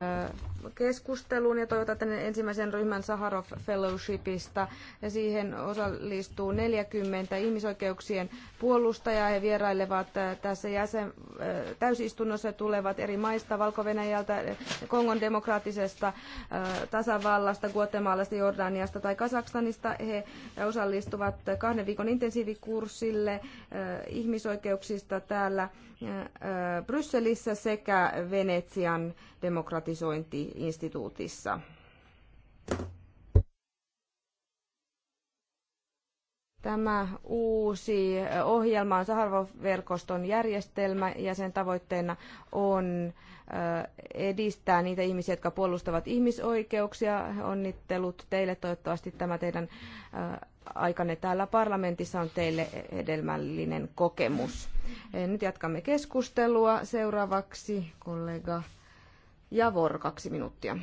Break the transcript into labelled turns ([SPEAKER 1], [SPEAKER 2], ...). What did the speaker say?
[SPEAKER 1] Äh, keskusteluun ja toivotan tänne ensimmäisen ryhmän Saharov Fellowshipista. Ja siihen osallistuu 40 ihmisoikeuksien puolustajaa. He vierailevat äh, tässä jäsen, äh, täysistunnossa tulevat eri maista, valko äh, Kongon demokraattisesta tasavallasta, Guatemalasta, Jordaniasta tai Kasakstanista. He osallistuvat kahden viikon intensiivikurssille ihmisoikeuksista täällä Brysselissä sekä Venetsian demokratisointiin instituutissa. Tämä uusi ohjelma on saharvo verkoston järjestelmä ja sen tavoitteena on edistää niitä ihmisiä, jotka puolustavat ihmisoikeuksia. Onnittelut teille. Toivottavasti tämä teidän aikanne täällä parlamentissa on teille hedelmällinen kokemus. Nyt jatkamme keskustelua. Seuraavaksi kollega ja Javor kaksi minuuttia.